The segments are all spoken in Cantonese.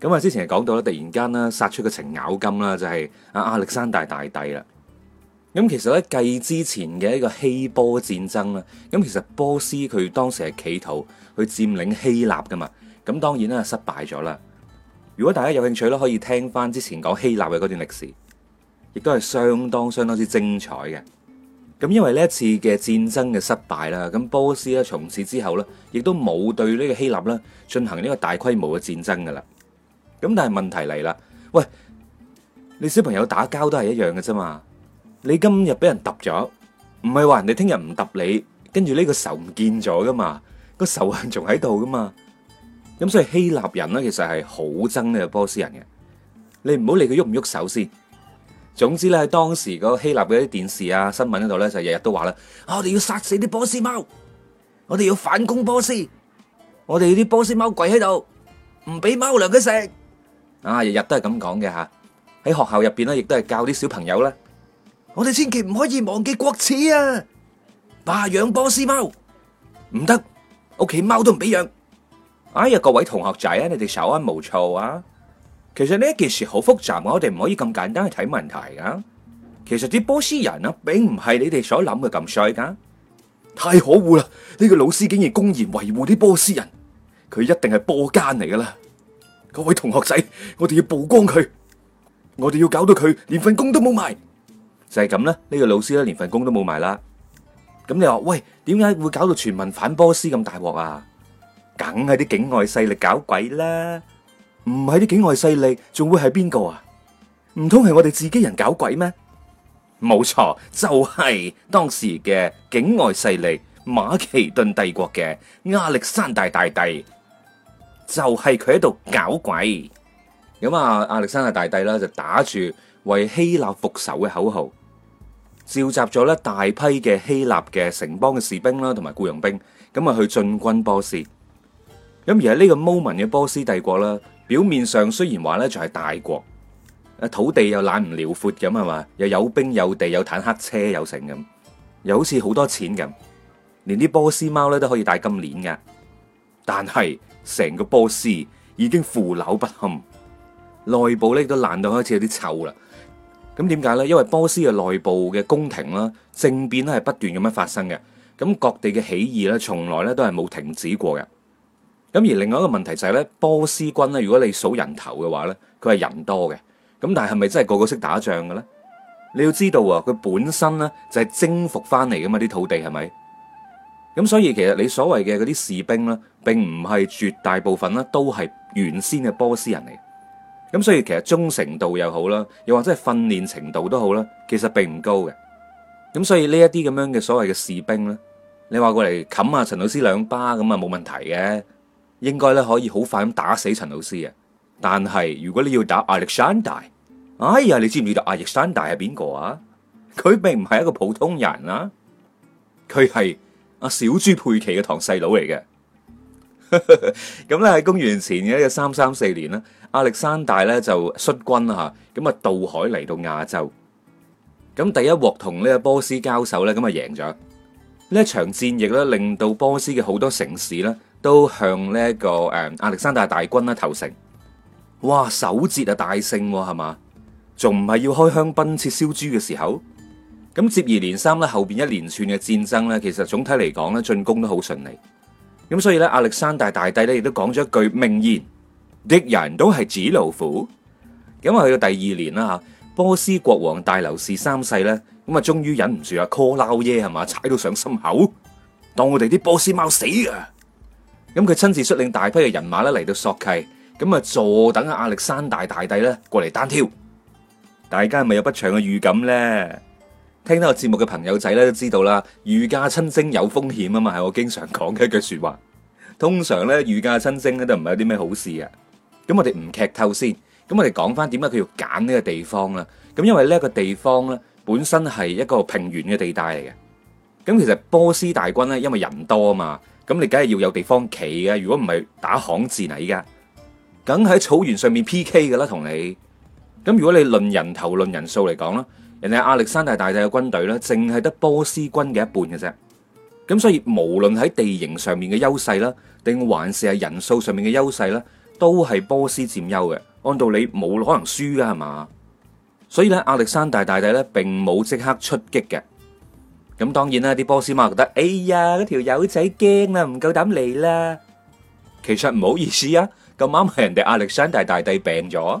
咁啊！之前係講到咧，突然間咧殺出個程咬金啦，就係、是、阿亞歷山大大帝啦。咁其實咧繼之前嘅一個希波戰爭啦，咁其實波斯佢當時係企圖去佔領希臘噶嘛，咁當然啦，失敗咗啦。如果大家有興趣咧，可以聽翻之前講希臘嘅嗰段歷史，亦都係相當相當之精彩嘅。咁因為呢一次嘅戰爭嘅失敗啦，咁波斯咧從此之後咧，亦都冇對呢個希臘咧進行呢個大規模嘅戰爭噶啦。咁但係問題嚟啦，喂，你小朋友打交都係一樣嘅啫嘛。你今日俾人揼咗，唔係話人哋聽日唔揼你，跟住呢個仇唔見咗噶嘛？個仇恨仲喺度噶嘛？咁所以希臘人咧其實係好憎呢個波斯人嘅。你唔好理佢喐唔喐手先。總之咧喺當時嗰個希臘嘅啲電視啊新聞嗰度咧就日日都話啦，啊我哋要殺死啲波斯貓，我哋要反攻波斯，我哋要啲波斯貓跪喺度，唔俾貓糧佢食。啊，日日都係咁講嘅吓，喺學校入邊咧，亦都係教啲小朋友咧，我哋千祈唔可以忘記國恥啊！霸養波斯貓唔得，屋企貓都唔俾養。哎呀，各位同學仔，你哋稍安勿躁啊！其實呢一件事好複雜，我哋唔可以咁簡單去睇問題噶。其實啲波斯人啊，並唔係你哋所諗嘅咁衰噶，太可惡啦！呢個老師竟然公然維護啲波斯人，佢一定係波奸嚟噶啦！各位同學仔，我哋要曝光佢，我哋要搞到佢連份工都冇埋，就係咁啦。呢個老師咧，連份工都冇埋啦。咁你話喂，點解會搞到全民反波斯咁大鑊啊？梗係啲境外勢力搞鬼啦。唔係啲境外勢力，仲會係邊個啊？唔通係我哋自己人搞鬼咩？冇錯，就係當時嘅境外勢力馬其頓帝國嘅亞歷山大大帝。就係佢喺度搞鬼，咁啊，亞歷山大大帝啦，就打住為希臘復仇嘅口號，召集咗咧大批嘅希臘嘅城邦嘅士兵啦，同埋雇傭兵，咁啊去進軍波斯。咁而係呢個 moment 嘅波斯帝國啦，表面上雖然話咧就係大國，啊土地又懶唔遼闊咁係嘛，又有兵有地有坦克車有成咁，又好似好多錢咁，連啲波斯貓咧都可以戴金鏈噶，但係，成個波斯已經腐朽不堪，內部咧亦都爛到開始有啲臭啦。咁點解咧？因為波斯嘅內部嘅宮廷啦、政變咧係不斷咁樣發生嘅。咁各地嘅起義咧，從來咧都係冇停止過嘅。咁而另外一個問題就係咧，波斯軍咧，如果你數人頭嘅話咧，佢係人多嘅。咁但係係咪真係個個識打仗嘅咧？你要知道啊，佢本身咧就係征服翻嚟噶嘛，啲土地係咪？咁所以其實你所謂嘅嗰啲士兵咧，並唔係絕大部分咧都係原先嘅波斯人嚟。咁所以其實忠誠度又好啦，又或者係訓練程度都好啦，其實並唔高嘅。咁所以呢一啲咁樣嘅所謂嘅士兵咧，你話過嚟冚下陳老師兩巴咁啊冇問題嘅，應該咧可以好快咁打死陳老師啊。但係如果你要打 Alexander，哎呀，你知唔知道 Alexander 係邊個啊？佢並唔係一個普通人啊，佢係。阿小豬佩奇嘅堂細佬嚟嘅，咁咧喺公元前嘅三三四年咧，亞歷山大咧就率軍啊，咁啊渡海嚟到亞洲，咁第一鑊同呢個波斯交手咧，咁啊贏咗，呢一場戰役咧令到波斯嘅好多城市咧都向呢一個誒亞歷山大大軍啦投誠，哇首捷啊大勝係、啊、嘛，仲唔係要開香檳切燒豬嘅時候？咁接二連三咧，後邊一連串嘅戰爭咧，其實總體嚟講咧，進攻都好順利。咁所以咧，亞歷山大大帝咧，亦都講咗一句名言：敵人都係紙老虎。咁啊，去到第二年啦吓，波斯國王大流士三世咧，咁啊，終於忍唔住阿 call 鬧耶係嘛，踩到上心口，當我哋啲波斯貓死啊！咁佢親自率領大批嘅人馬咧嚟到索契，咁啊，坐等亞歷山大大帝咧過嚟單挑。大家係咪有不祥嘅預感咧？聽到我節目嘅朋友仔咧，都知道啦，御駕親征有風險啊嘛，係我經常講嘅一句說話。通常咧御駕親征咧都唔係有啲咩好事嘅。咁我哋唔劇透先，咁我哋講翻點解佢要揀呢個地方啦？咁因為呢一個地方咧本身係一個平原嘅地帶嚟嘅。咁其實波斯大軍咧因為人多啊嘛，咁你梗係要有地方企嘅。如果唔係打巷戰嚟依家梗喺草原上面 PK 噶啦，同你。咁如果你論人頭、論人數嚟講啦，人哋亞歷山大大帝嘅軍隊咧，淨係得波斯軍嘅一半嘅啫。咁所以無論喺地形上面嘅優勢啦，定還是係人數上面嘅優勢咧，都係波斯佔優嘅。按道理冇可能輸噶係嘛？所以咧，亞歷山大大帝咧，並冇即刻出擊嘅。咁當然啦，啲波斯馬覺得哎呀，嗰條友仔驚啊，唔夠膽嚟啦。其實唔好意思啊，咁啱係人哋亞歷山大大帝病咗。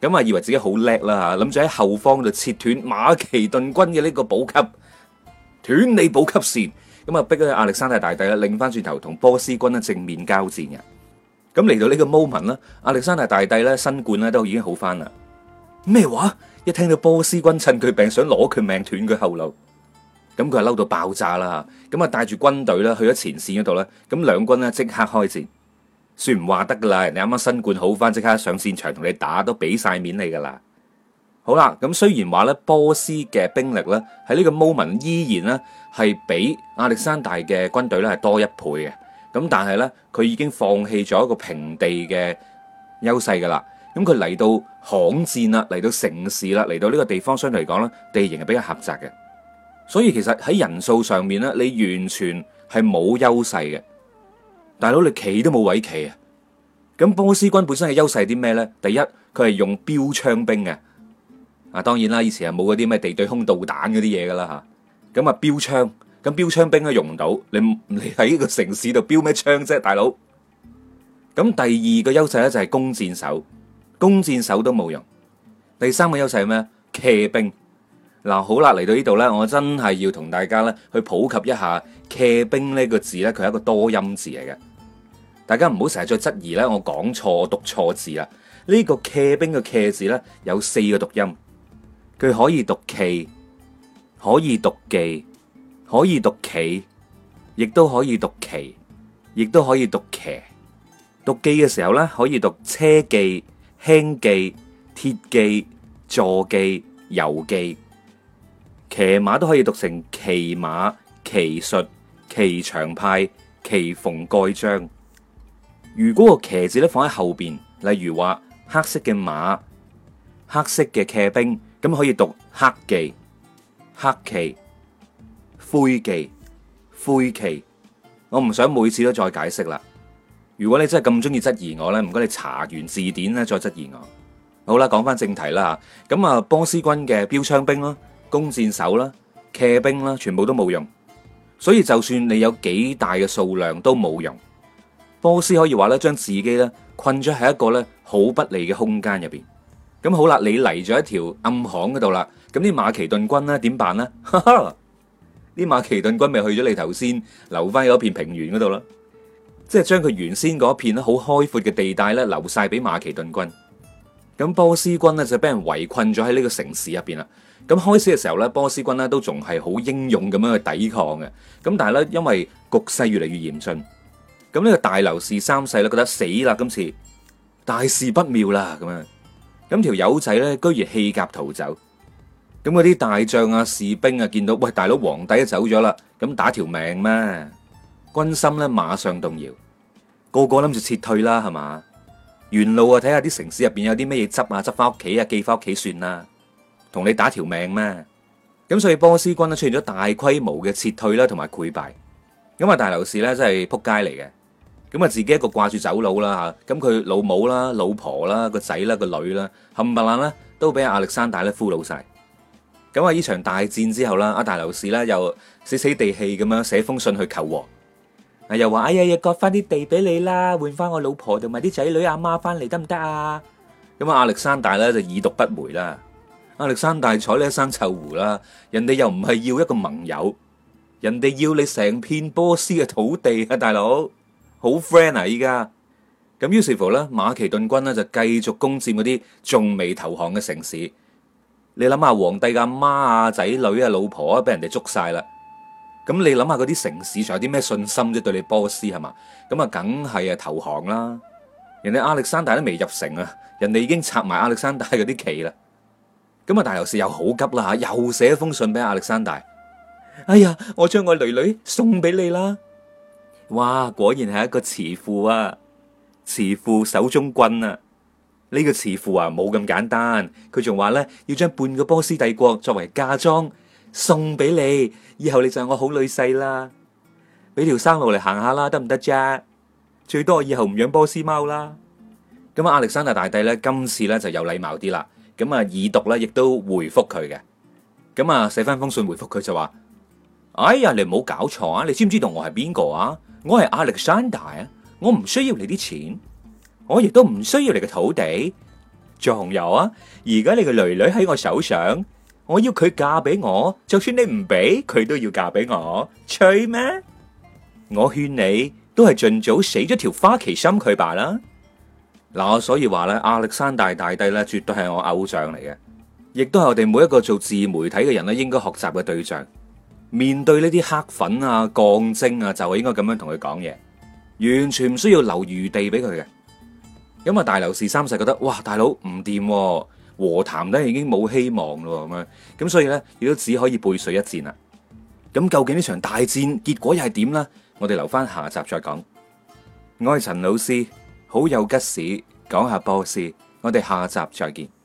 咁啊，以為自己好叻啦嚇，諗住喺後方就切斷馬其頓軍嘅呢個補給，斷你補給線，咁啊逼阿亞歷山大大帝咧，擰翻轉頭同波斯軍咧正面交戰嘅。咁嚟到呢個 moment 啦，亞歷山大大帝咧新冠咧都已經好翻啦。咩話？一聽到波斯軍趁佢病想攞佢命斷佢後路，咁佢係嬲到爆炸啦！咁啊帶住軍隊啦去咗前線嗰度咧，咁兩軍呢，即刻開戰。算唔話得噶啦！你啱啱新冠好翻，即刻上戰場同你打都俾晒面你噶啦。好啦，咁雖然話呢波斯嘅兵力呢喺呢個 moment 依然呢係比亞歷山大嘅軍隊呢係多一倍嘅。咁但係呢，佢已經放棄咗一個平地嘅優勢噶啦。咁佢嚟到巷戰啦，嚟到城市啦，嚟到呢個地方，相對嚟講呢地形係比較狹窄嘅。所以其實喺人數上面呢，你完全係冇優勢嘅。大佬你企都冇位企啊！咁波斯軍本身嘅優勢係啲咩咧？第一，佢係用標槍兵嘅。啊，當然啦，以前係冇嗰啲咩地對空導彈嗰啲嘢噶啦吓。咁啊標槍，咁標槍兵都用唔到。你你喺個城市度標咩槍啫，啊，大佬？咁第二個優勢咧，就係弓箭手，弓箭手都冇用。第三個優勢係咩？騎兵。嗱，好啦，嚟到呢度咧，我真係要同大家咧去普及一下，騎兵呢個字咧，佢係一個多音字嚟嘅。大家唔好成日再質疑咧，我講錯，讀錯字啦。呢個騎兵嘅騎字咧有四個讀音，佢可以讀騎，可以讀記，可以讀騎，亦都可以讀騎，亦都可以讀騎。讀記嘅時候咧，可以讀車記、輕記、鐵記、坐記、遊記。騎馬都可以讀成騎馬、騎術、騎牆派、騎縫蓋章。如果個騎字咧放喺後邊，例如話黑色嘅馬、黑色嘅騎兵，咁可以讀黑騎、黑騎、灰騎、灰騎。我唔想每次都再解釋啦。如果你真係咁中意質疑我咧，唔該你查完字典咧再質疑我。好啦，講翻正題啦吓，咁啊波斯軍嘅標槍兵咯。弓箭手啦、騎兵啦，全部都冇用，所以就算你有幾大嘅數量都冇用。波斯可以話咧，將自己咧困咗喺一個咧好不利嘅空間入邊。咁好啦，你嚟咗一條暗巷嗰度啦，咁啲馬其頓軍咧點辦咧？哈哈，啲馬其頓軍咪去咗你頭先留翻嗰片平原嗰度囉，即係將佢原先嗰片咧好開闊嘅地帶咧留晒俾馬其頓軍。咁波斯軍呢，就俾人圍困咗喺呢個城市入邊啦。咁開始嘅時候咧，波斯軍咧都仲係好英勇咁樣去抵抗嘅。咁但係咧，因為局勢越嚟越嚴峻，咁呢個大流士三世咧覺得死啦，今次大事不妙啦咁樣。咁條友仔咧，居然棄甲逃走。咁嗰啲大將啊、士兵啊，見到喂大佬皇帝都走咗啦，咁打條命咩？軍心咧馬上動搖，個個諗住撤退啦，係嘛？沿路啊，睇下啲城市入邊有啲咩嘢執啊，執翻屋企啊，寄翻屋企算啦。同你打條命咩？咁所以波斯軍咧出現咗大規模嘅撤退啦，同埋潰敗。咁啊，大流士咧真係撲街嚟嘅。咁啊，自己一個掛住走佬啦吓，咁佢老母啦、老婆啦、個仔啦、個女啦，冚唪唥啦都俾亞歷山大咧俘虜晒。咁啊，呢場大戰之後啦，阿大流士咧又死死地氣咁樣寫封信去求和。啊，又話哎呀，要割翻啲地俾你啦，換翻我老婆同埋啲仔女阿媽翻嚟得唔得啊？咁啊，亞歷山大咧就已讀不回啦。亞歷山大睬你一生臭狐啦，人哋又唔係要一個盟友，人哋要你成片波斯嘅土地啊，大佬好 friend 啊依家。咁於是乎咧，馬其頓軍呢，就繼續攻佔嗰啲仲未投降嘅城市。你諗下，皇帝嘅阿媽啊、仔女啊、老婆啊，俾人哋捉晒啦。咁你諗下嗰啲城市仲有啲咩信心啫？對你波斯係嘛？咁啊，梗係啊投降啦。人哋亞歷山大都未入城啊，人哋已經拆埋亞歷山大嗰啲旗啦。咁啊！大流士又好急啦吓，又寫封信俾亞歷山大。哎呀，我將我女女送俾你啦！哇，果然係一個慈父啊！慈父手中棍啊！呢個慈父啊，冇咁簡單。佢仲話咧，要將半個波斯帝國作為嫁妝送俾你，以後你就係我好女婿啦！俾條生路嚟行下啦，得唔得啫？最多以後唔養波斯貓啦。咁啊，亞歷山大大帝咧，今次咧就有禮貌啲啦。咁啊，耳讀啦，亦都回覆佢嘅。咁啊，寫翻封信回覆佢就話：哎呀，你唔好搞錯啊！你知唔知道我係邊個啊？我係亞歷山大啊！我唔需要你啲錢，我亦都唔需要你嘅土地。仲有啊，而家你個女女喺我手上，我要佢嫁俾我，就算你唔俾，佢都要嫁俾我，吹咩？我勸你都係盡早死咗條花旗心佢罷啦。嗱，我所以話咧，亞歷山大大帝咧，絕對係我偶像嚟嘅，亦都係我哋每一個做自媒體嘅人咧，應該學習嘅對象。面對呢啲黑粉啊、槓精啊，就係、是、應該咁樣同佢講嘢，完全唔需要留餘地俾佢嘅。咁啊，大流士三世覺得，哇，大佬唔掂，和談咧已經冇希望咯，咁樣，咁所以咧，亦都只可以背水一戰啦。咁究竟呢場大戰結果又係點咧？我哋留翻下集再講。我係陳老師。好有吉事，講下波斯，我哋下集再見。